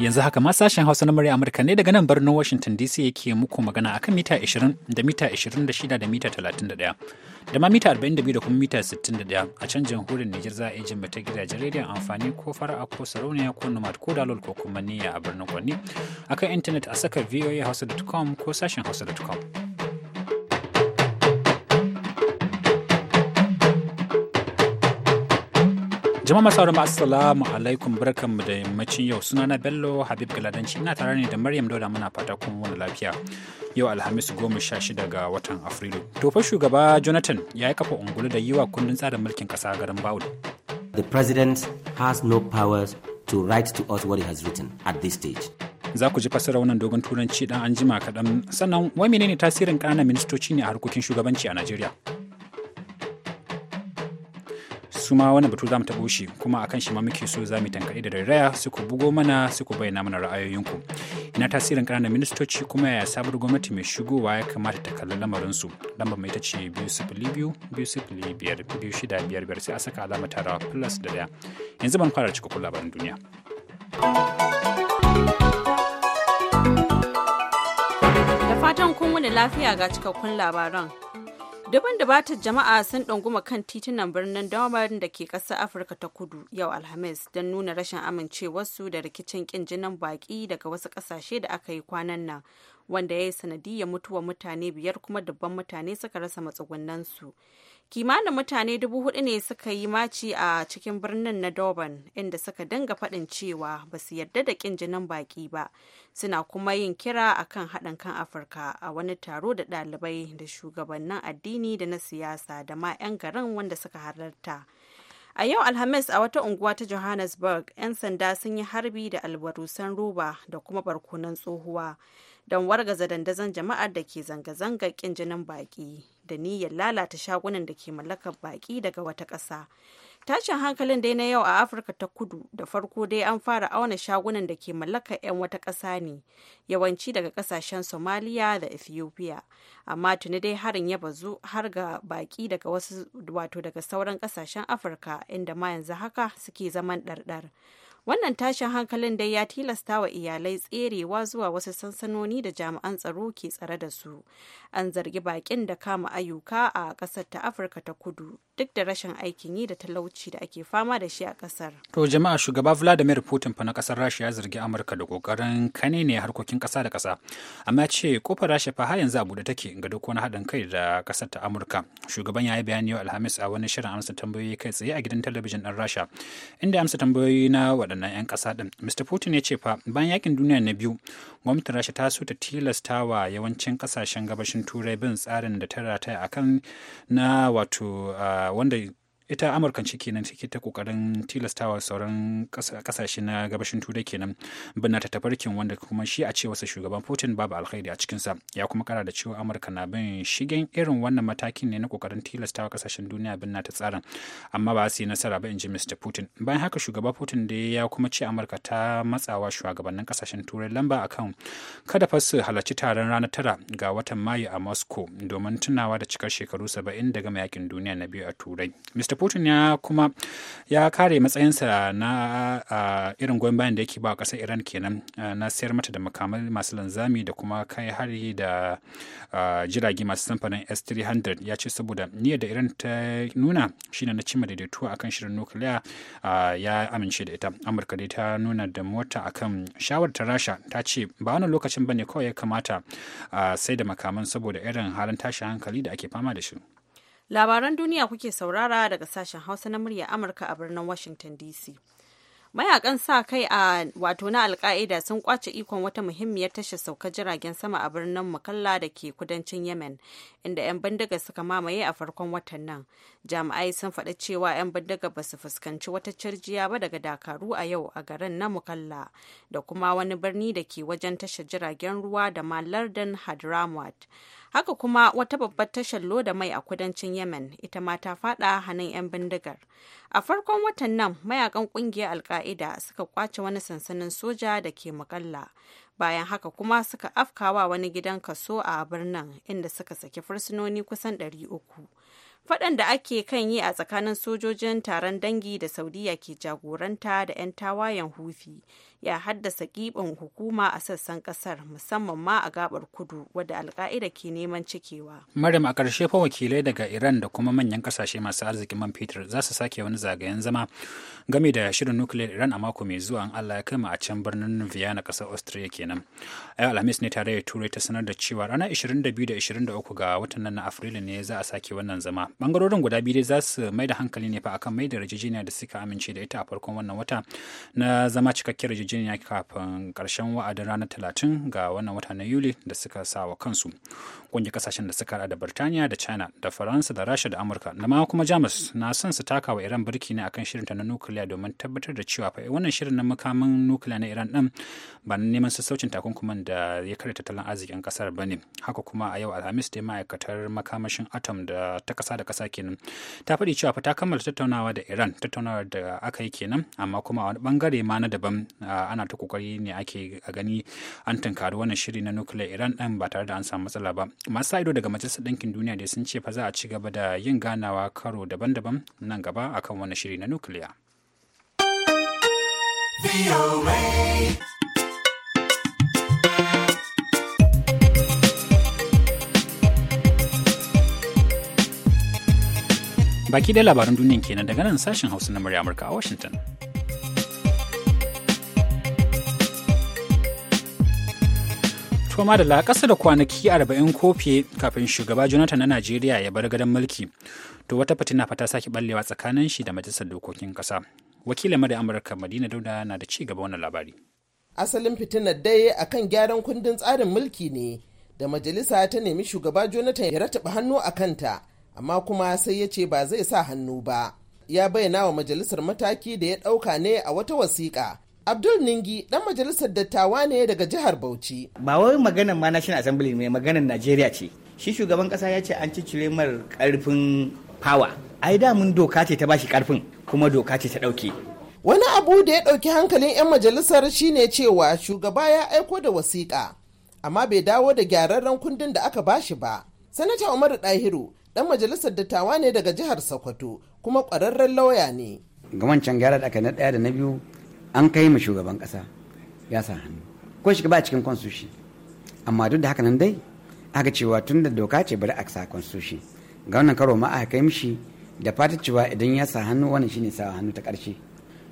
Yanzu haka ma sashen Hausa na murya Amurka ne daga nan birnin Washington DC yake muku magana akan mita 20 da mita 26 da mita 31 da ma mita 42 da kuma mita 61 a can jamhuriyar Nijar za a jin mata gidajen rediyon amfani ko fara'a ko sarauniya ko nomad ko dalol ko kuma niyya a birnin Gwani akan intanet a saka voahausa.com ko sashen hausa.com. Jama'a masu ma assalamu alaikum mu da yammacin yau suna na Bello Habib Galadanci ina tare ne da Maryam Dauda muna fata kuma wani lafiya. Yau Alhamis goma sha shida ga watan Afrilu. Tofa shugaba Jonathan ya yi kafa ungulu da yiwa kundin tsarin mulkin kasa garin Bawul. The president has no powers to write to us what he has written at this stage. za ku ji fassarar wannan dogon turanci dan anjima kaɗan sannan wai menene tasirin ƙananan ministoci ne a harkokin shugabanci a Najeriya. su ma wani batu za mu taɓo shi kuma akan shi ma muke so za mu tankaɗe da rairaya su ku bugo mana su ku bayyana mana ra'ayoyinku ina tasirin ƙananan ministoci kuma ya sabuwar gwamnati mai shigowa ya kamata ta kalli lamarinsu lambar mai ta ce biyu sifili biyu biyu sifili biyar biyu shida biyar biyar sai a saka alamar tarawa plus da ɗaya yanzu ban fara cikakkun labarin duniya. Da fatan kun wani lafiya ga cikakkun labaran. Daban da batar jama'a sun ɗunguma kan titunan birnin damar da ke ƙasar Afirka ta kudu yau Alhamis don nuna rashin amincewarsu da rikicin ƙin jinin baƙi daga wasu ƙasashe da aka yi kwanan nan wanda ya yi sanadiyar mutuwa mutane biyar kuma dubban mutane suka rasa matsugunansu kimanin mutane dubu hudu ne suka yi maci a cikin birnin na durban inda suka dinga faɗin cewa ba su yarda da kin jinin baƙi ba suna kuma yin kira a kan haɗin kan afirka a wani taro da ɗalibai da shugabannin addini da na siyasa da ma 'yan garin wanda suka halarta A yau Alhamis a wata unguwa ta Johannesburg, 'yan sanda sun yi harbi da albarusan roba da kuma barkonan tsohuwa. don wargaza dandazon jama'ar da ke zanga-zanga kin jinin baƙi da niyyar lalata shagunan da ke mallakar baƙi daga wata ƙasa. Tashin hankalin dai na yau a Afirka ta kudu da farko dai an fara auna shagunan da ke mallakar 'yan wata ƙasa ne, yawanci daga ƙasashen Somaliya da Ethiopia. Amma tuni dai harin ya bazu har ga baƙi daga wasu wato daga sauran ƙasashen Afirka inda ma yanzu haka suke zaman ɗarɗar. Wannan tashin hankalin dai ya tilasta wa iyalai tserewa zuwa wasu sansanoni da jami'an tsaro ke tsare da su. An zargi bakin da kama ayyuka a ƙasar ta Afirka ta kudu duk da rashin aikin yi da talauci da ake fama da shi a kasar. To jama'a shugaba Vladimir Putin fa na kasar Rasha ya zargi Amurka da kokarin kane ne harkokin kasa da kasa. Amma ya ce kofar Rasha fa har yanzu abu da take ga duk wani haɗin kai da kasar ta Amurka. Shugaban ya yi bayani yau Alhamis a wani shirin amsa tambayoyi kai tsaye a gidan talabijin ɗin Rasha inda amsa tambayoyi na waɗannan 'yan ƙasa ɗin. Mr. Putin ya ce fa bayan yakin duniya na biyu gwamnatin Rasha ta so ta tilasta wa yawancin kasashen gabashin Turai bin tsarin da ta rataya akan na wato ah, Uh, one day ita amurkan ce kenan take ta kokarin tilastawa sauran kasashe na gabashin turai kenan binna ta tafarkin wanda kuma shi a ce wasu shugaban putin babu alkhairi a cikinsa ya kuma kara da cewa amurka na bin shigen irin wannan matakin ne na kokarin tilastawa kasashen duniya bin ta tsarin amma ba su yi nasara ba in ji mr putin bayan haka shugaba putin da ya kuma ce amurka ta matsawa shugabannin kasashen turai lamba akan kada fa su halarci taron ranar tara ga watan mayu a moscow domin tunawa da cikar shekaru saba'in daga mayakin duniya na biyu a turai mr putin ya kuma ya kare matsayinsa na irin goyon bayan da yake ba ƙasar iran kenan na sayar mata da makamai masu linzami da kuma kai hari da jirage masu samfanin s-300 ya ce saboda niyyar da iran ta nuna shine na cimma daidaituwa akan shirin nukiliya ya amince da ita amurka dai ta nuna da mota a akan shawartar rasha ta ce ba wani lokacin bane kawai ya kamata sai da makaman saboda irin halin tashin hankali da ake fama da shi Labaran duniya kuke saurara daga sashen Hausa na murya Amurka a birnin Washington DC. Mayakan sa kai a wato na Alka'ida sun kwace ikon wata muhimmiyar tashar sauka jiragen sama a birnin Mukalla da ke kudancin Yemen, inda 'yan bindiga suka mamaye a farkon watan nan jami'ai sun faɗi cewa 'yan bindiga ba su fuskanci wata carjiya ba daga dakaru a yau a garin na mukalla da kuma wani birni da ke wajen tasha jiragen ruwa da ma lardin hadramawt haka kuma wata babbar tashar loda mai a kudancin yemen ita ma ta fada hannun 'yan bindigar a farkon watan nan mayakan kungiyar alka'ida suka kwace wani sansanin soja da ke mukalla bayan haka kuma suka afkawa wani gidan kaso a birnin inda suka saki fursunoni kusan 300 faɗan da ake kan yi a tsakanin sojojin taron dangi da saudiya ke jagoranta da 'yan tawayen hufi ya haddasa gibin hukuma a sassan kasar musamman ma a gabar kudu wadda alka'ida ke neman cikewa. Maryam a ƙarshe fa wakilai daga Iran da kuma manyan kasashe masu arzikin man fetur za su sake wani zagayen zama game da shirin nukiliyar Iran a mako mai zuwa an Allah ya kama a can birnin Vienna ƙasar Austria kenan. Ayo Alhamis ne tare da Turai ta sanar da cewa ranar 22 da 23 ga watan nan na Afrilu ne za a sake wannan zama. Bangarorin guda biyu za su mai da hankali ne fa akan mai da yarjejeniya da suka amince da ita a farkon wannan wata na zama cikakkiyar yarjejeniya kafin karshen wa'adin ranar talatin ga wannan wata na yuli da suka sa wa kansu kungiyar kasashen da suka da birtaniya da china da faransa da rasha da amurka da ma kuma jamus na son su taka wa iran birki ne akan shirinta na nukiliya domin tabbatar da cewa fa wannan shirin na makamin nukiliya na iran din ba na neman sassaucin takunkuman da ya karya tattalin arzikin kasar ba ne haka kuma a yau alhamis da ma'aikatar makamashin atom da ta kasa da kasa kenan ta faɗi cewa fa ta kammala tattaunawa da iran tattaunawar da aka yi kenan amma kuma a wani bangare ma na daban ana ta kokari ne ake a gani an tunkari wannan shiri na nuclear iran din ba tare da an samu matsala ba masu ido daga majalisar ɗinkin duniya da sun ce fa za a ci gaba da yin ganawa karo daban-daban nan gaba akan wannan shiri na nukiliya. baki dai labaran duniya kenan daga nan sashen hausa na murya amurka a washington To madalla kasa da kwanaki 40 kofi kafin shugaba Jonathan na Najeriya ya bar gadon mulki. To wata fitina fata sake ballewa tsakanin shi da majalisar dokokin kasa Wakilin Madai Amurka Madina Dauda na da ci gaba wannan labari. Asalin fitinar dai akan gyaran kundin tsarin mulki ne da majalisa ta nemi shugaba Jonathan ya rataba hannu a kanta amma kuma sai ya ce ba zai sa hannu ba. Ya bayyana wa majalisar mataki da ya ɗauka ne a wata wasiƙa Abdul Ningi dan majalisar dattawa ne daga jihar Bauchi. Ba wai maganar ma National Assembly ne maganar Najeriya ce. Shi shugaban kasa ya ce an ci mar karfin power. Ai da mun doka ce ta bashi karfin kuma doka ce ta dauke. Wani abu da ya dauki hankalin 'yan majalisar shine cewa shugaba ya aiko da wasiƙa amma bai dawo da gyararren kundin da aka bashi ba. Sanata Umaru Dahiru dan majalisar dattawa ne daga jihar Sokoto kuma ƙwararren lauya ne. Gaman can gyara da aka na ɗaya da na biyu an kai ma shugaban kasa ya sa hannu ko shiga ba cikin konsushi amma duk da haka nan dai aka cewa tun da doka ce bari a sa konsushi ga wannan karo ma aka kai mishi da fata cewa idan ya sa hannu wannan shine sa hannu ta karshe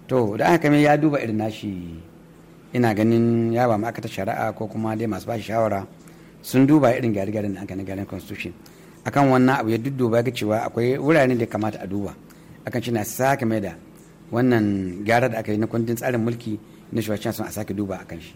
to da aka kai ya duba irin nashi ina ganin ya ba ma'aikata shari'a ko kuma dai masu bashi shawara sun duba irin gyare-gyaren da aka na gyaran constitution akan wannan abu ya dudduba ga cewa akwai wuraren da kamata a duba akan shi na sake mai da wannan gyara da aka yi na kundin tsarin mulki na shugabancin sun a sake duba a kan shi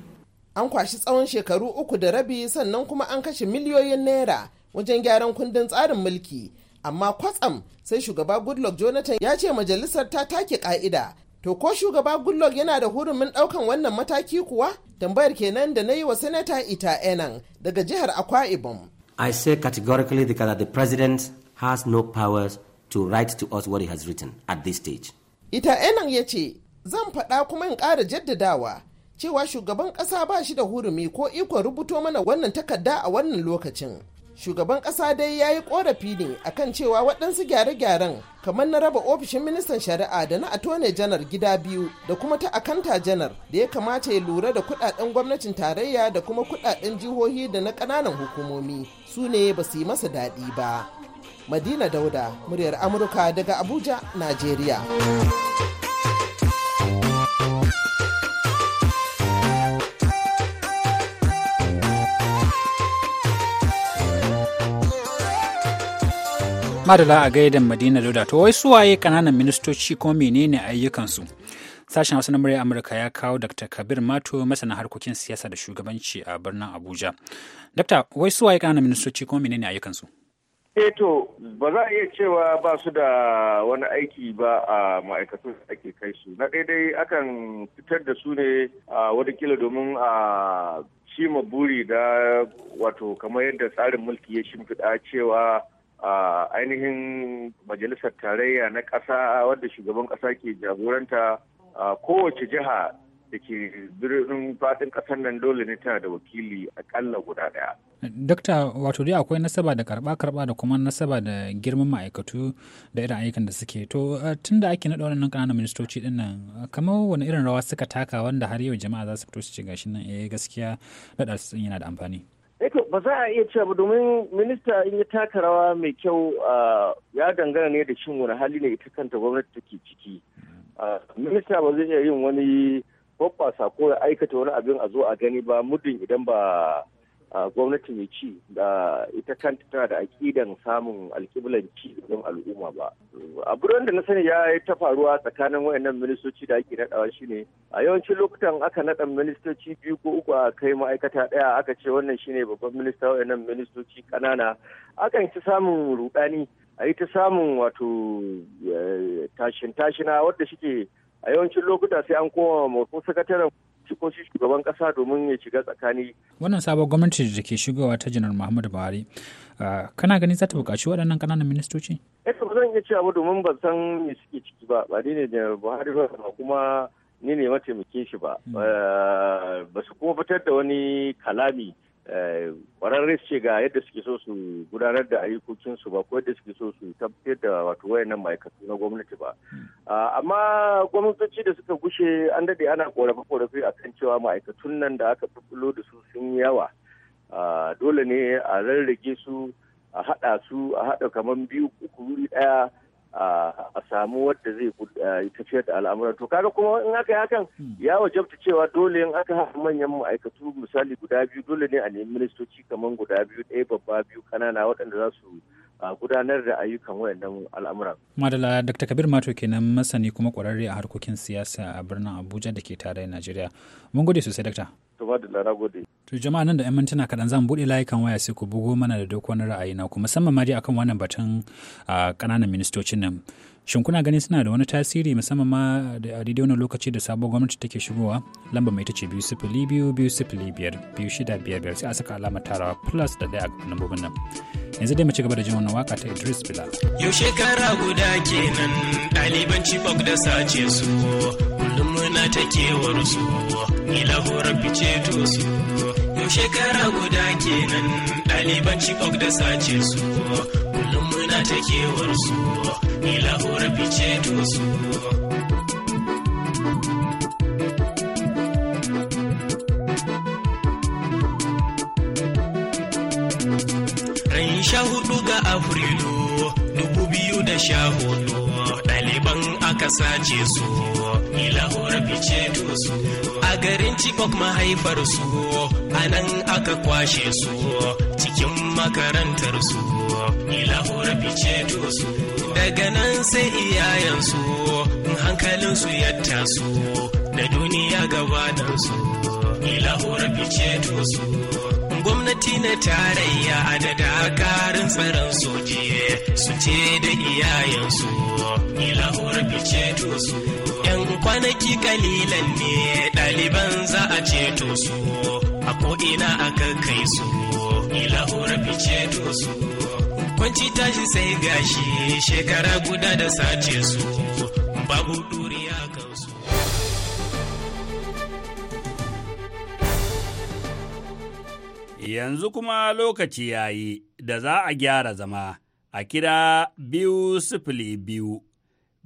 an kwashi tsawon shekaru uku da rabi sannan kuma an kashe miliyoyin naira wajen gyaran kundin tsarin mulki amma kwatsam sai shugaba goodluck jonathan ya ce majalisar ta take ka'ida to ko shugaba goodluck yana da hurumin ɗaukan wannan mataki kuwa tambayar kenan da na yi wa sanata ita enan daga jihar akwa ibom i say categorically that the president has no powers to write to us what he has written at this stage ita enan ya ce zan faɗa kuma in ƙara jaddadawa cewa shugaban ƙasa ba shi da hurumi ko ikon rubuto mana wannan takarda a wannan lokacin shugaban ƙasa dai ya yi ƙorafi ne akan cewa waɗansu gyare-gyaren kamar na raba ofishin ministan shari'a da na atone janar gida biyu da kuma ta akanta janar da ya kamata ya lura da kuɗaɗen gwamnatin tarayya da kuma kuɗaɗen jihohi da na ƙananan hukumomi su ne ba su yi masa daɗi ba Madina Dauda, muryar Amurka daga Abuja, Najeriya. Madala a gaidan Madina Dauda, to wai suwaye kananan ministoci ko menene ayyukansu? Sashen Hausa na murya Amurka ya kawo Dr. Kabir Mato masana harkokin siyasa da shugabanci a birnin Abuja. Dr. wai suwaye kananan ministoci ko menene ayyukansu? eto eh, ba za a iya cewa ba su da wani aiki ba a ma'aikatun da ake kai su na daidai akan fitar da su ne a kila domin a cima buri da wato kamar yadda tsarin mulki ya shimfiɗa cewa a ainihin majalisar tarayya na ƙasa wadda shugaban ƙasa ke jagoranta kowace jiha da ke birnin faɗin kasar nan dole ne tana da wakili akalla guda daya Dokta, wato dai akwai nasaba da karba karba da kuma nasaba da girman ma'aikatu da irin ayyukan da suke. To, eh, tun da ake naɗa wannan ƙananan ministoci ɗin nan, kamar wani irin rawa suka taka wanda har yau jama'a za su fito su ce gashi nan eh gaskiya naɗa su yana da amfani. Eto, eh ba za a iya cewa ba domin minista in ya taka rawa mai kyau eh, ya dangana ne da shin wani hali ne ita kanta gwamnati take ciki. Minista ba zai iya yin wani hoɓɓasa ko ya aikata wani abin a zo a gani ba muddin idan ba gwamnati mai ci da ita kanta tana da aƙidan samun alƙiblan ci don al'umma ba abu da na sani ya ta faruwa tsakanin wayannan ministoci da ake naɗawa shine a yawancin lokutan aka naɗa ministoci biyu ko uku a kai ma'aikata ɗaya aka ce wannan shine babban minista wayannan ministoci ƙanana akan ci samun rudani a yi ta samun wato eh, tashin tashina wadda shike a yawancin lokuta sai an koma mafi sakataren ko shi shugaban kasa domin ya shiga tsakani. Wannan sabon gwamnati da ke shigowa ta janar Muhammadu Buhari, kana gani za ta buƙaci waɗannan ƙananan ministoci? yadda eh, ba zan iya cewa ba domin ban san me suke ciki ba, ba ni ne janar Buhari ba kuma ni ne mataimakin shi hmm. ba. Ba su kuma fitar da wani kalami Eh, kwararre ce ga yadda suke so su gudanar da ayyukokinsu ba ko yadda suke so su tabbatar da wato wayannan ma'aikatu na gwamnati ba hmm. ah, amma gwamnatoci da suka gushe an dade ana korafe korafe kan cewa ma'aikatun nan da aka fulfulo da su sun yawa ah, dole ne a rarrage su a haɗa su a haɗa kamar biyu uku wuri ɗaya a samu wadda zai tafiyar da al'amuran to kaga kuma in aka yi hakan hmm. ya wajabta cewa dole in aka haɗa manyan ma'aikatu misali guda biyu dole ne a nemi ministoci kamar guda biyu ɗaya babba biyu kanana waɗanda za su a gudanar da ayyukan wayannan al'amuran. Madala Dr. Kabir Mato kenan masani kuma kwararre a harkokin siyasa a birnin Abuja da ke da Najeriya. Mun gode sosai Dr. To jama'a nan da 'yan mintuna kaɗan zan buɗe layukan waya sai ku bugo mana da duk wani ra'ayi na ku musamman ma dai akan wannan batun ƙananan ministocin nan. shin kuna ganin suna da wani tasiri musamman ma a daidai wani lokaci da sabon gwamnati take shigowa lamba mai tace biyu sifili biyu biyu sifili biyar biyu shida biyar biyar sai a saka alamar tarawa plus da ɗaya a lambobin nan yanzu dai mu ci gaba da jin wannan waka ta Idris Bila. Yau shekara guda kenan ɗaliban cibok da sace su kullum muna ta kewar su ni lahorar fice to su. Yau shekara guda kenan ɗaliban cibok da sace su ta kewarsu ni lahura fice duwasu sha hudu ga Afrilu dubu biyu da sha hudu ɗaliban aka sace su ni lahura fice a garin Chibok mahaifarsu a nan aka kwashe su cikin makarantarsu. su ilahura fice su daga nan sai iyayensu hankalin su ya taso na duniya gabanansu ilahura fice su gwamnati na tarayya a da dakarun tsaron su ce da iyayensu ilahura fice su yan kwanaki kalilan ne ɗaliban za a ceto su a ko'ina aka kai su ilahura fice su kwanci tashi sai gashi shekara guda da sace su babu duriya kansu yanzu kuma lokaci ya yi da za a gyara zama a kira biyu sifili biyu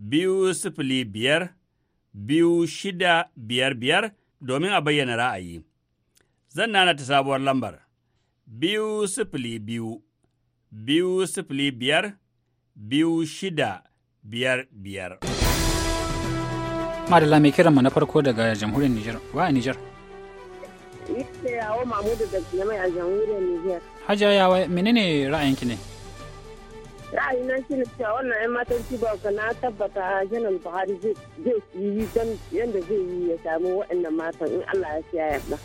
biyu sifili biyar biyu shida biyar biyar domin a bayyana ra'ayi zan nana ta sabuwar lambar biyu sifili biyu biyu sifili biyar biyu shida biyar biyar. Madalla mai kiran mu na farko daga jamhuriyar Nijar, wa a Nijar? Yawo Mahmudu da mai a jamhuriyar Nijar. Hajiya yawa menene ra'ayinki ne? na shi ne cewa wannan 'yan matan Cibauka na tabbata janar Buhari zai yi don yadda zai yi ya samu waɗannan matan in Allah ya siya yadda.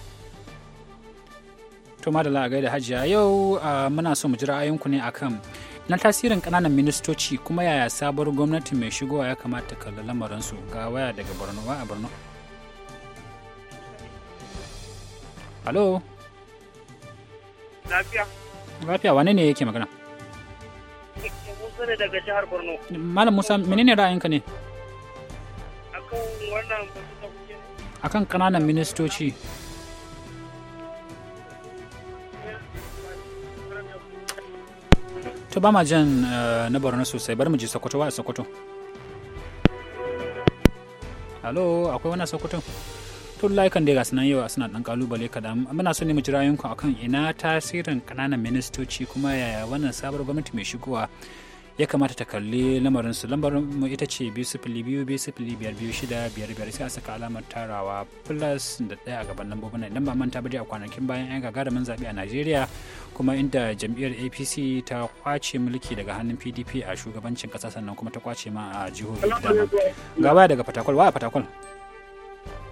to madala a gaida hajiya yau muna so mu ji ra'ayinku ne akan na tasirin kananan ministoci kuma yaya sabuwar gwamnati mai shigowa ya kamata kalla lamarinsu ga waya daga borno wa a borno halo lafiya lafiya wane ne yake magana daga jihar borno malam musa menene ra'ayinka ne akan wannan akan kananan ministoci to ba ma jan eh, na borno sosai bar mu je sokoto wa sokoto halo akwai wani sokoto to layukan da gasu nan yau suna dan kalubale kadan muna so ne mu jira yanku akan ina tasirin kananan ministoci kuma yaya wannan sabar gwamnati mai shigowa ya kamata ta kalli lamarin su lambarin mu ita ce biyu sifili biyu biyu sifili biyar biyu shida biyar biyar sai a saka alamar tarawa plus da ɗaya a gaban lambobin nan ba manta ba dai a kwanakin bayan yan gagarumin zaɓe a najeriya kuma inda jam'iyyar apc ta kwace mulki daga hannun pdp a shugabancin ƙasa sannan kuma ta kwace ma a jihohi ga waya daga fatakwal waya fatakwal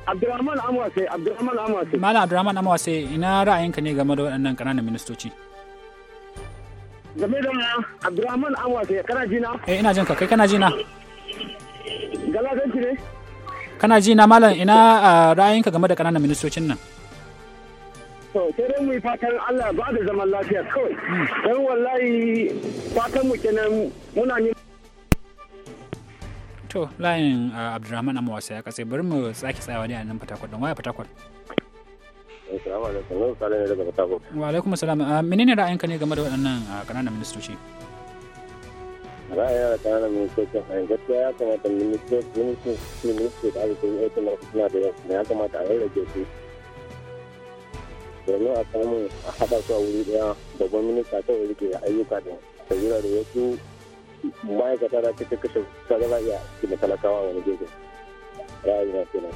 Abdurrahman Amwase, Abdurrahman Amwase. Malam Abdurrahman Amwase, ina ra'ayinka ne game da waɗannan ƙananan ministoci? game da Abdurrahman Awa ke kana jina? Eh ina jinka kai kana jina. Galadanci ne? Kana jina malam ina ra'ayinka game da kananan ministocin nan? To sai dai mu fatan Allah ba da zaman lafiya kawai. Hmm. Dan wallahi fatan mu kenan muna ne To layin Abdurrahman Amawasa ya katse bari mu tsaki tsayawa ne a nan Fatakwal don waya Fatakwal. Assalamu alaikum. Zan sale ne daga Fatako. Wa alaikum salam. Ah, menene ra'ayinka ne game da waɗannan ah, ƙananan ministoci? Ra'ayin ƙananan ministoci a yanzu gaskiya ya kamata ministoci ministoci ministoci da aka yi aikin marasa suna da yawa ya kamata a rage su. Domin a samu a haɗa su a wuri ɗaya babban minista kawai rike ayyuka da sabila da wasu ma'aikata da ta kashe sadara iya cikin talakawa wani gefe. Ra'ayin ya kenan.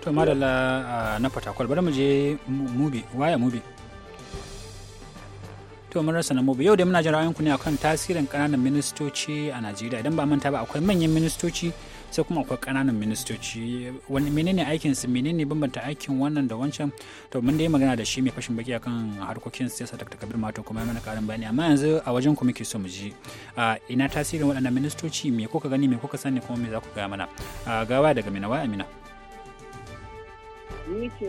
to madalla na fatakwal bari mu je mubi waya mubi to mun rasa na mubi yau da muna jin ra'ayinku ne akan tasirin kananan ministoci a Najeriya idan ba manta ba akwai manyan ministoci sai kuma akwai kananan ministoci wani menene aikin su menene bambanta aikin wannan da wancan to mun dai magana da shi mai fashin baki akan harkokin siyasa da Kabir Mato kuma mana karin bayani amma yanzu a wajen ku muke so mu ji ina tasirin waɗannan ministoci me kuka gani me kuka sani kuma me za ku gaya mana gawa daga Mina waya Amina ni ce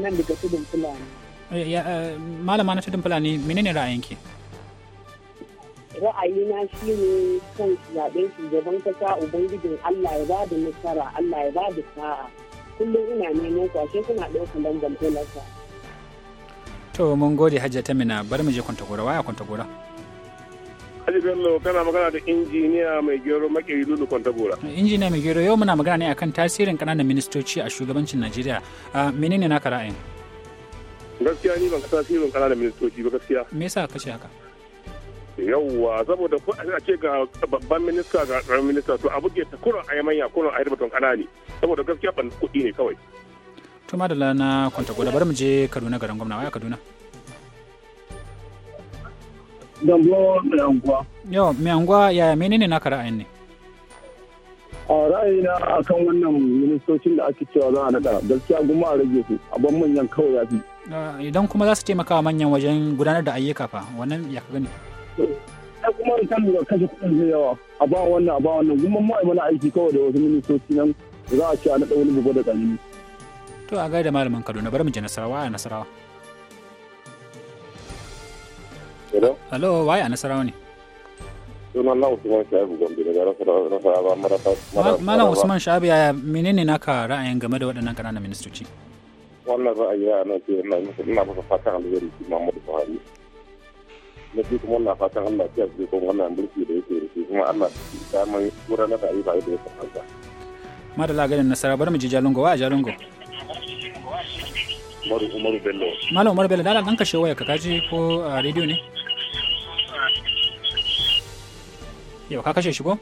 nan daga tudun fulani eh, eh, malama na tudun fulani menene ra'ayinki ra'ayina shi ne kan zaɓen shugaban kasa ubangijin allah ya ba da nasara allah ya ba da sa'a kullum ina neman kwashe suna ɗaukar dangantolarsa to mun gode hajjata mina bari mu je kwanta gora waya kwanta gora Aji Bello kana magana da injiniya mai gero makeri lulu kwantabura. Injiniya mai gero yau muna magana ne akan tasirin kananan ministoci a shugabancin Najeriya. Menene naka ra'ayin? Gaskiya ni ban ka tasirin kananan ministoci ba gaskiya. Me yasa ka ce haka? yawwa saboda ko a ce ga babban minista ga ƙaramin minista to abu ke ta kuran a manya kuran a yarbatun kanani saboda gaskiya ban kuɗi ne kawai. Tuma da lana kwanta gwada bari mu je Kaduna garin gwamna waya Kaduna. Gambo mai anguwa. Yau, mai anguwa yaya menene naka ra'ayin ne? A ra'ayina a kan wannan ministocin da ake cewa za a naɗa gaskiya goma a rage su a ban manyan kawai ya fi. Idan kuma za su taimaka manyan wajen gudanar da ayyuka fa wannan ya ka gani. Ya kuma kan da kashe kuɗin zai yawa a ba wannan a ba wannan kuma a mana aiki kawai da wasu ministoci nan za a ce a naɗa wani gobe da ƙarni. To a gaida malamin Kaduna bari mu je Nasarawa a Nasarawa. Hello, Hello, why a Nasarawa ne? Sunan na Usman Shabi Gombe daga Nasarawa Maraba. Malam Usman Shahabu yaya menene naka ra'ayin game da waɗannan ƙananan ministoci? Wannan ra'ayi ya nan ce ina masa fatan alheri shi Muhammadu Buhari. Na ce kuma wannan fatan Allah ya ce kuma wannan mulki da yake da shi kuma Allah ta mai gudanar da ayyuka da ya kamata. Madalla ganin Nasara bar mu ji Jalungo wa Jalungo. Malam Umaru Bello. Malam Umaru Bello, dala ɗan kashe waya ka kaji ko a rediyo ne? yau ka kashe shi ko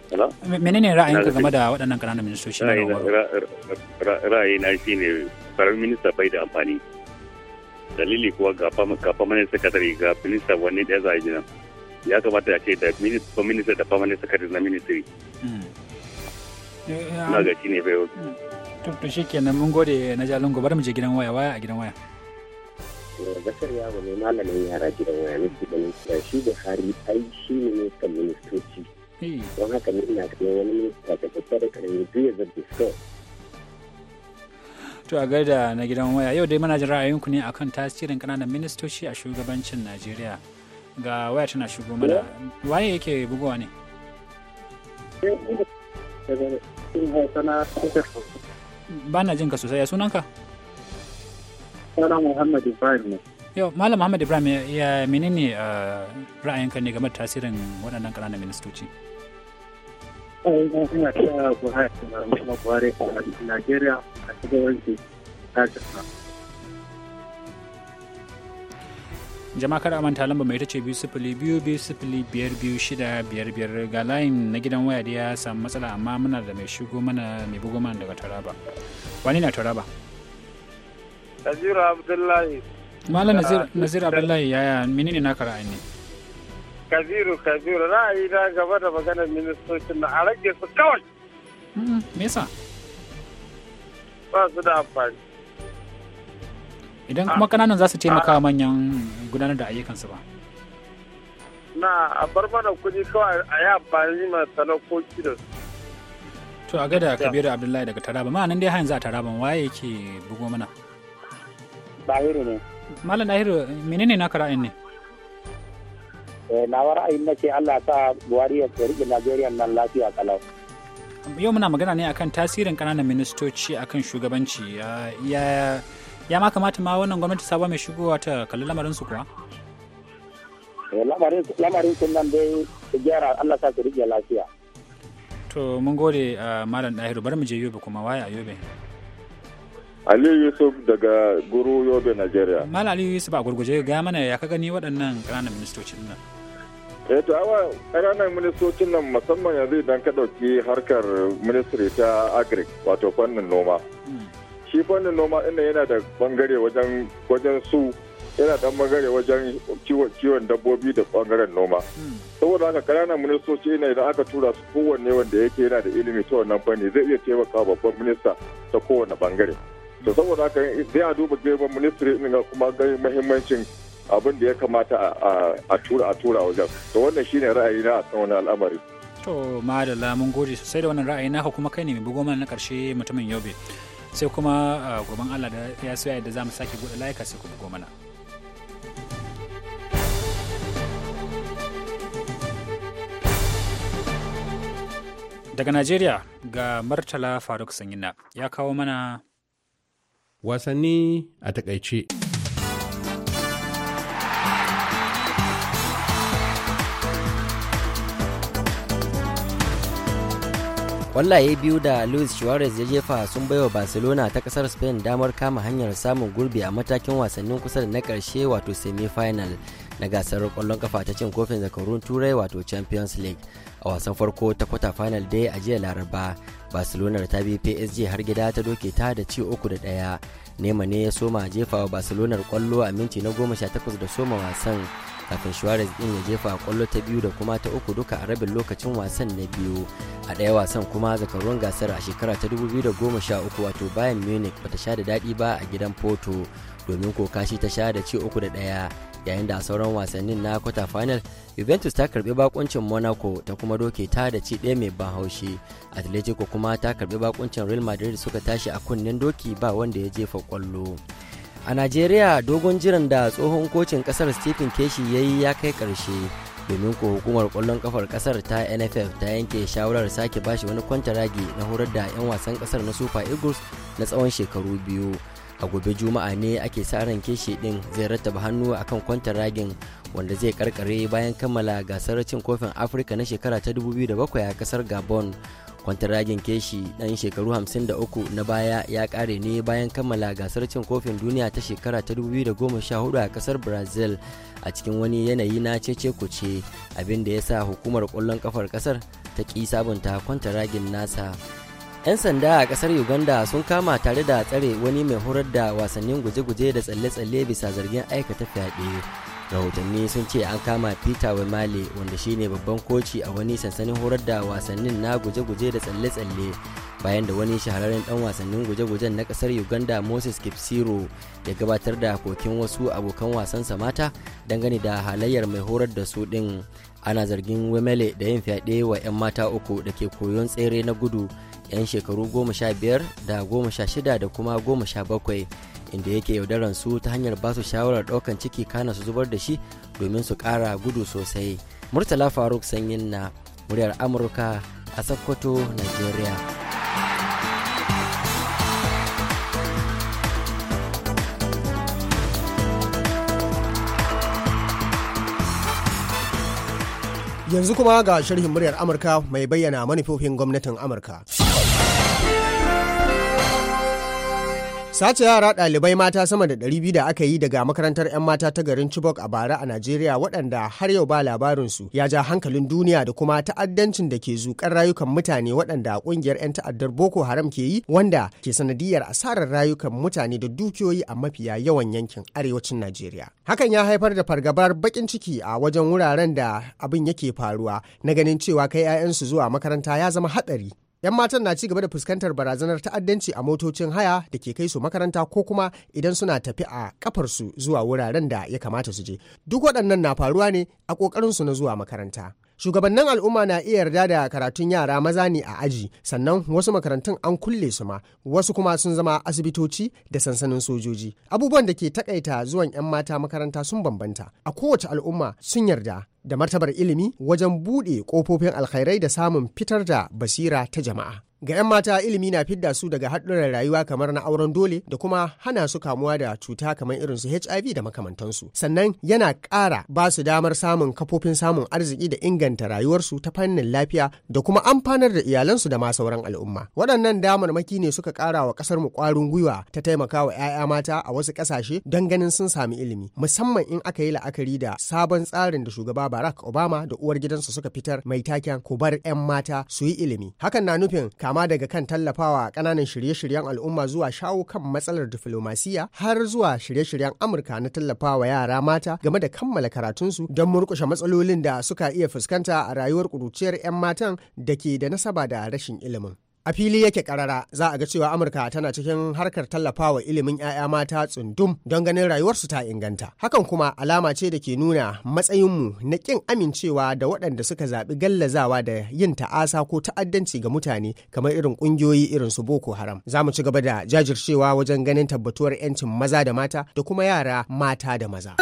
menene ra'ayinka game da waɗannan ƙananan ministoci na ra'ayi na shi ne farar minista bai da amfani dalili kuwa ga permanent secretary ga minista wani da ya zai nan ya kamata ya ce da minista da permanent secretary na ministry hmm. eh, eh, na ga ah, shi ne bai hmm. to shi kenan mun gode na jalin gobar mu je gidan waya waya a gidan waya Bashar eh, yawo ne malamin yara gidan waya su ganin shi da hari ai shi ne ministan ministoci don haka wani minista da da biyu to a gaida na gidan waya yau dai mana jin ra'ayinku ne akan tasirin kananan ministoci a shugabancin najeriya ga waya tana shigo mana waye yake bugowa ne ba na jin ka sosai ya sunanka Yau, Malam Muhammad Ibrahim ya menene uh, ra'ayinka ne game da tasirin waɗannan kananan ministoci? ina ta buhari da musamman buhari a najeriya a shugabanci ta jama'a kada manta lamba mai ita ce biyu sifili biyu biyu sifili biyar biyu shida biyar biyar ga layin na gidan waya da ya samu matsala amma muna da mai shigo mana mai bugo mana daga taraba wani na taraba naziru abdullahi malam naziru ah, abdullahi yaya menene naka ra'ayi ne kabiru kabiru ra'ayi na gaba da maganar ministocin na a rage su kawai me yasa ba su da amfani idan ah. kuma kananan za su taimaka ah. manyan gudanar da ayyukansu ba na a bar mana kuɗi kawai a yi amfani ma talakoki da su to a gada kabiru abdullahi daga taraba nan dai hayan za taraban waye yake bugo mana Bahiru ne. Malam dahiru menene naka ra'ayin ne? Eh, nawa ra'ayin na ce Allah sa Buhari ya rike Najeriya nan lafiya kalau. Yau muna magana ne akan tasirin ƙananan ministoci akan shugabanci. Ya ma kamata ma wannan gwamnati sabuwa mai shigowa ta kalli lamarin su kuwa? Eh, lamarin sun nan dai su gyara Allah sa su rike lafiya. To mun gode Malam Ɗahiru bari mu je Yobe kuma waya a Yobe. Aliyu Yusuf daga Guru Yobe, Nigeria. Malam Aliyu Yusuf a gurguje ga mana ya ka gani waɗannan ƙananan ministocin nan. eh to awa ƙananan ministocin nan musamman yanzu idan ka ɗauki harkar ministry ta agric wato fannin noma shi fannin noma ina yana da bangare wajen wajen su yana dan bangare wajen kiwon dabbobi da bangaren noma saboda haka kananan ministoci ina idan aka tura su kowanne wanda yake yana da ilimi ta wannan fanni zai iya taimaka babban minista ta kowane bangare to saboda haka zai a duba girman ministry ina kuma ga muhimmancin abin da ya kamata a tura a tura wajen to wannan shine ra'ayi na a tsawon al'amari to da lamun gode sosai da wannan ra'ayi naka kuma kai ne mai bugo mana na karshe mutumin yobe sai kuma goban Allah da ya so da za mu sake buɗe layuka sai ku bugo mana daga Najeriya ga martala Faruk Sanyina ya kawo mana wasanni a takaice. kwallaye biyu da luis suarez ya jefa sun baiwa barcelona ta kasar spain damar kama hanyar samun gurbi a matakin wasannin kusa da na karshe wato semi-final na gasar kwallon kafa ta cin kofin zakarun turai wato champions league a wasan farko ta kwata final dai a jiya laraba barcelona ta bi psg har gida ta doke ta da ci uku da daya nema ne ya soma a jefa wa barcelona kwallo a minti na goma sha takwas da soma wasan kafin suarez din ya jefa a kwallo ta biyu da kuma ta uku duka a rabin lokacin wasan na biyu a ɗaya wasan kuma zakarun gasar a shekara ta 2013 wato bayan munich bata sha da daɗi ba a gidan porto domin ko kashi ta sha da ci uku da ɗaya yayin da sauran wasannin na quarter final juventus ta karbi bakuncin monaco ta kuma doke ta da ci ɗaya mai ban haushi atletico kuma ta karbi bakuncin real madrid suka tashi a kunnen doki ba wanda ya jefa kwallo a najeriya dogon jiran da tsohon kocin kasar stephen keshi ya yi ya kai karshe domin ko hukumar kwallon kafar kasar ta nff ta yanke shawarar sake bashi wani kwantaragi na horar da 'yan wasan kasar na super eagles na tsawon shekaru biyu a gobe juma'a ne ake sa ran keshi din zai rattaba hannu akan kwantar ragin wanda zai karkare bayan kammala gasar cin kofin afirka na shekara ta 2007 a kasar gabon kwantar ragin keshi dan shekaru 53 na baya ya kare ne bayan kammala gasar cin kofin duniya ta shekara ta 2014 a kasar brazil a cikin wani yanayi na cece kuce da ya sa hukumar kwallon kafar kasar ta ki sabunta kwantar ragin nasa 'yan sanda a kasar uganda sun kama tare da tsare wani mai horar da wasannin guje-guje da tsalle-tsalle bisa zargin aikata fyaɗe rahotanni sun ce an kama peter wemale wanda shine babban koci a wani sansanin horar da wasannin na guje-guje da tsalle-tsalle bayan da wani shahararren dan wasannin guje-gujen na kasar uganda moses kipsiro ya gabatar da kokin wasu abokan wasansa mata dangane da halayyar mai horar da su din ana zargin wemale da yin fyaɗe wa 'yan mata uku da ke koyon tsere na gudu 'yan shekaru goma sha biyar da goma shida da kuma goma bakwai inda yake yaudaran su ta hanyar ba su shawarar ɗaukan ciki kana su zubar da shi domin su ƙara gudu sosai murtala faruk sanyin na muryar amurka a sokoto nigeria yanzu kuma ga sharhin muryar amurka mai bayyana manufofin gwamnatin amurka Sace yara ɗalibai mata sama da 200 da aka yi daga makarantar 'yan mata ta garin Chibok a bara a Najeriya waɗanda har yau ba labarinsu ya ja hankalin duniya da kuma ta'addancin da ke zuƙar rayukan mutane waɗanda ƙungiyar 'yan ta'addar Boko Haram ke yi wanda ke sanadiyar asarar rayukan mutane da dukiyoyi a mafiya yawan yankin arewacin Najeriya. Hakan ya haifar da fargabar baƙin ciki a wajen wuraren da abin yake faruwa na ganin cewa kai 'ya'yansu zuwa makaranta ya zama haɗari. 'yan matan na ci gaba da fuskantar barazanar ta'addanci a motocin haya da ke kai su makaranta ko kuma idan suna tafi a kafarsu zuwa wuraren da ya kamata su je duk waɗannan na faruwa ne a ƙoƙarinsu na zuwa makaranta shugabannin al'umma na iya yarda da karatun yara maza ne a aji sannan wasu makarantun an kulle su ma wasu kuma sun zama asibitoci da sansanin sojoji abubuwan da ke takaita zuwan 'yan mata makaranta sun bambanta a kowace al'umma sun yarda da martabar ilimi wajen buɗe kofofin alkhairai da samun fitar da basira ta jama'a Ga 'yan mata ilimi na fidda su daga haɗurar rayuwa kamar na auren dole da kuma hana su kamuwa da cuta kamar irin su HIV da makamantansu. Sannan yana ƙara ba su damar samun kafofin samun arziki da inganta rayuwarsu ta fannin lafiya da kuma amfanar da iyalansu da ma sauran al'umma. Waɗannan damar maki ne suka ƙara wa ƙasar mu ƙwarin gwiwa ta taimaka wa 'ya'ya mata a wasu ƙasashe don ganin sun sami ilimi musamman in aka yi la'akari da sabon tsarin da shugaba Barack Obama da uwar gidansa suka fitar mai taken ku bar 'yan mata su yi ilimi. Hakan na nufin kama daga kan tallafawa kananan shirye-shiryen al'umma zuwa shawo kan matsalar diflomasiya har zuwa shirye-shiryen Amurka na tallafawa yara mata game da kammala karatunsu don murkushe matsalolin da suka iya fuskanta a rayuwar ƙuruciyar 'yan matan da ke da nasaba da rashin ilimin. a fili yake karara za a ga cewa amurka tana cikin harkar tallafawa ilimin 'ya'ya mata tsundum don ganin rayuwarsu ta inganta hakan kuma alama ce da ke nuna matsayinmu na kin amincewa da waɗanda suka zaɓi gallazawa da yin ta'asa ko ta'addanci ga mutane kamar irin ƙungiyoyi irin su boko haram za mu ci gaba da jajircewa wajen ganin tabbatuwar 'yancin maza da mata da kuma yara mata da maza.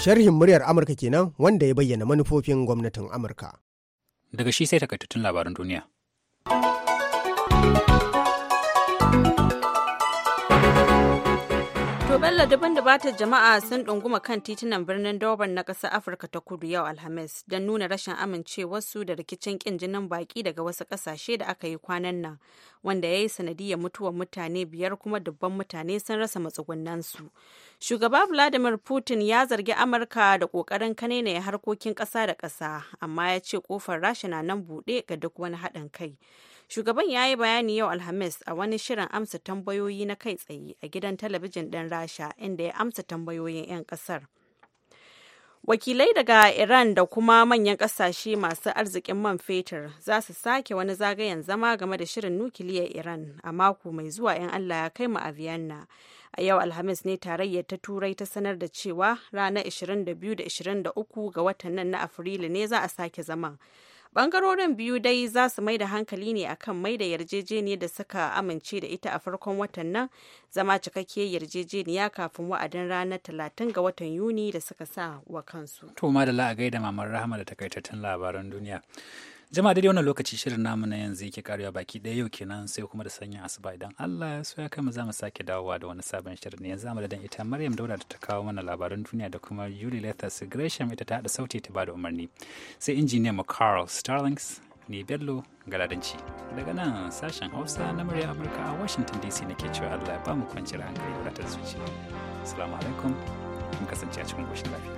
Sharhin muryar Amurka kenan wanda ya bayyana manufofin gwamnatin Amurka. Daga shi sai takaitattun labaran duniya. To Bello daban da bata jama'a sun ɗunguma kan titunan birnin Durban na ƙasar Afirka ta kudu yau Alhamis don nuna rashin amincewarsu da rikicin ƙin jinin baƙi daga wasu ƙasashe da aka yi kwanan nan wanda ya yi sanadiyar mutuwar mutane biyar kuma dubban mutane sun rasa matsugunansu. Shugaba Vladimir Putin ya zargi Amurka da ƙoƙarin ya harkokin ƙasa da ƙasa amma ya ce ƙofar Rasha na nan buɗe ga duk wani haɗin kai. Shugaban ya yi bayani yau Alhamis a wani shirin amsa tambayoyi na kai tsaye a gidan talabijin ɗin Rasha inda ya amsa tambayoyin 'yan ƙasar. Wakilai daga Iran da kuma manyan ƙasashe masu arzikin man fetur za su sake wani zagayen zama game da shirin nukiliyar Iran a mako mai zuwa 'yan Allah ya kai mu a Vienna. A yau Alhamis ne tarayyar ta Turai ta sanar da cewa ranar 22 da 23 ga watan nan na Afrilu ne za a sake zaman. Bangarorin biyu dai za su mai da hankali ne akan mai da yarjejeniyar da suka amince da ita a farkon watan nan zama cikakke yarjejeniya kafin wa'adin ranar talatin ga watan Yuni da suka sa wa kansu. To da a gaida mamar Rahama da takaitattun labaran duniya. Jama'a daidai wannan lokaci shirin namu na yanzu yake karewa baki ɗaya yau kenan sai kuma da sanyin asuba idan Allah ya so ya kai mu za sake dawowa da wani sabon shirin yanzu amma da ita Maryam Dauda da ta kawo mana labaran duniya da kuma Julie Lathas Gresham ita ta hada sauti ta bada umarni. Sai injiniya mu Carl Starlings ne Bello Galadanci. Daga nan sashen Hausa na murya Amurka a Washington DC nake cewa Allah ya ba mu kwanciyar hankali da zuciya. Assalamu alaikum. Mun kasance a cikin goshin lafiya.